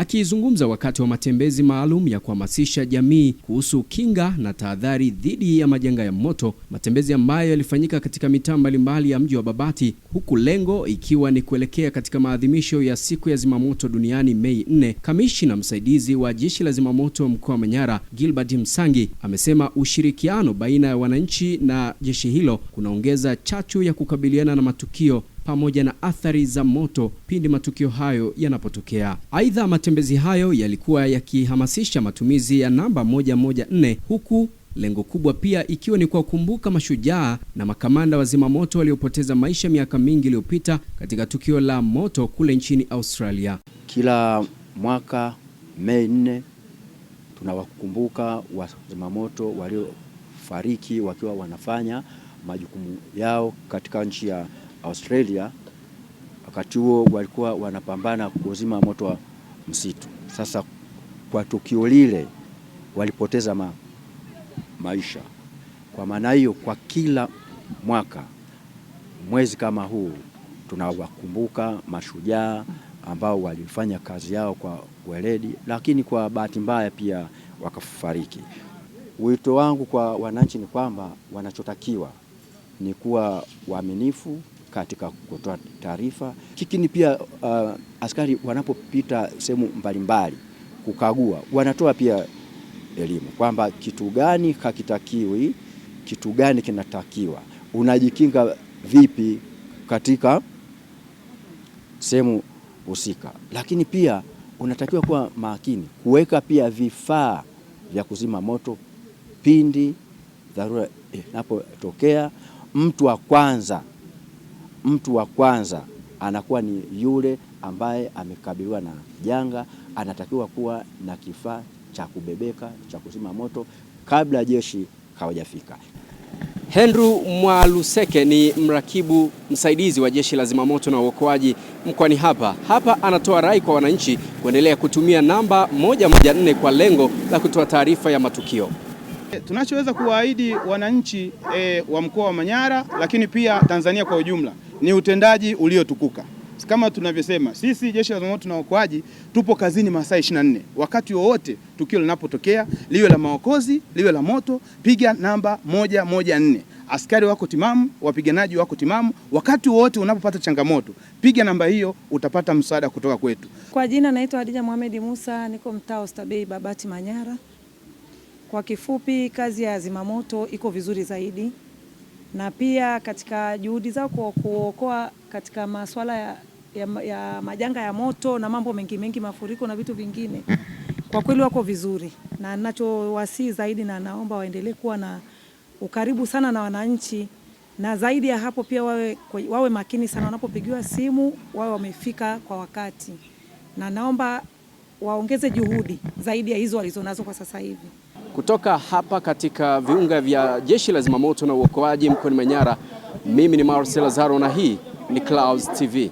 Akizungumza wakati wa matembezi maalum ya kuhamasisha jamii kuhusu kinga na tahadhari dhidi ya majanga ya moto, matembezi ambayo yalifanyika katika mitaa mbalimbali ya mji wa Babati, huku lengo ikiwa ni kuelekea katika maadhimisho ya siku ya zimamoto duniani Mei 4. kamishina msaidizi wa jeshi la zimamoto mkoa wa Manyara, Gilbert Msangi, amesema ushirikiano baina ya wananchi na jeshi hilo kunaongeza chachu ya kukabiliana na matukio pamoja na athari za moto pindi matukio hayo yanapotokea. Aidha, matembezi hayo yalikuwa yakihamasisha matumizi ya namba 114 huku lengo kubwa pia ikiwa ni kuwakumbuka mashujaa na makamanda wa zimamoto waliopoteza maisha miaka mingi iliyopita katika tukio la moto kule nchini Australia. Kila mwaka Mei nne tunawakumbuka wazimamoto waliofariki wakiwa wanafanya majukumu yao katika nchi ya Australia wakati huo walikuwa wanapambana kuzima moto wa msitu. Sasa kwa tukio lile walipoteza ma, maisha. Kwa maana hiyo, kwa kila mwaka mwezi kama huu tunawakumbuka mashujaa ambao walifanya kazi yao kwa weledi, lakini kwa bahati mbaya pia wakafariki. Wito wangu kwa wananchi ni kwamba wanachotakiwa ni kuwa waaminifu katika kutoa taarifa, lakini pia uh, askari wanapopita sehemu mbalimbali kukagua, wanatoa pia elimu kwamba kitu gani hakitakiwi, kitu gani kinatakiwa, unajikinga vipi katika sehemu husika, lakini pia unatakiwa kuwa makini kuweka pia vifaa vya kuzima moto pindi dharura inapotokea. Mtu wa kwanza mtu wa kwanza anakuwa ni yule ambaye amekabiliwa na janga, anatakiwa kuwa na kifaa cha kubebeka cha kuzima moto kabla jeshi hawajafika. Henry Mwaluseke ni mrakibu msaidizi wa jeshi la zimamoto na uokoaji mkoani hapa. Hapa anatoa rai kwa wananchi kuendelea kutumia namba 114 kwa lengo la kutoa taarifa ya matukio. Tunachoweza kuwaahidi wananchi e, wa mkoa wa Manyara lakini pia Tanzania kwa ujumla ni utendaji uliotukuka. Kama tunavyosema sisi jeshi la zimamoto na uokoaji tupo kazini masaa 24, wakati wowote tukio linapotokea, liwe la maokozi, liwe la moto, piga namba moja moja nne. Askari wako timamu, wapiganaji wako timamu. Wakati wowote unapopata changamoto, piga namba hiyo, utapata msaada kutoka kwetu. Kwa jina naitwa Hadija Mohamed Musa, niko mtaa Oysterbay Babati Manyara. Kwa kifupi, kazi ya zimamoto iko vizuri zaidi na pia katika juhudi zao kuokoa katika masuala ya, ya, ya majanga ya moto na mambo mengi mengi, mafuriko na vitu vingine, kwa kweli wako vizuri, na nachowasii zaidi na naomba waendelee kuwa na ukaribu sana na wananchi, na zaidi ya hapo pia wawe, wawe makini sana wanapopigiwa simu, wawe wamefika kwa wakati, na naomba waongeze juhudi zaidi ya hizo walizonazo kwa sasa hivi. Kutoka hapa katika viunga vya jeshi la zimamoto na uokoaji mkoani Manyara, mimi ni Marcel Lazaro na hii ni Clouds TV.